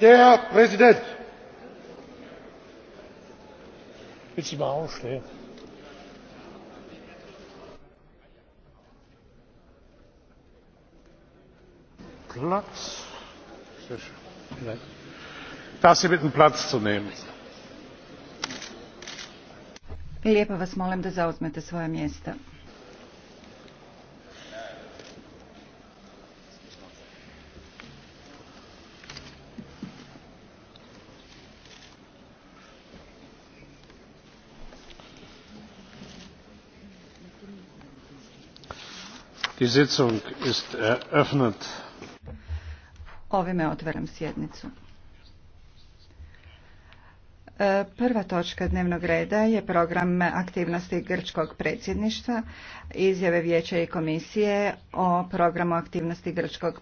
Der Präsident. Willst du mal aufstehen? Platz. Sehr schön. Darf Sie bitten, Platz zu nehmen. Lijepo vas molim da zauzmete svoja mjesta. Ovime otvaram sjednicu. E, prva točka dnevnog reda je program aktivnosti grčkog predsjedništva, izjave vijeća i komisije o programu aktivnosti grčkog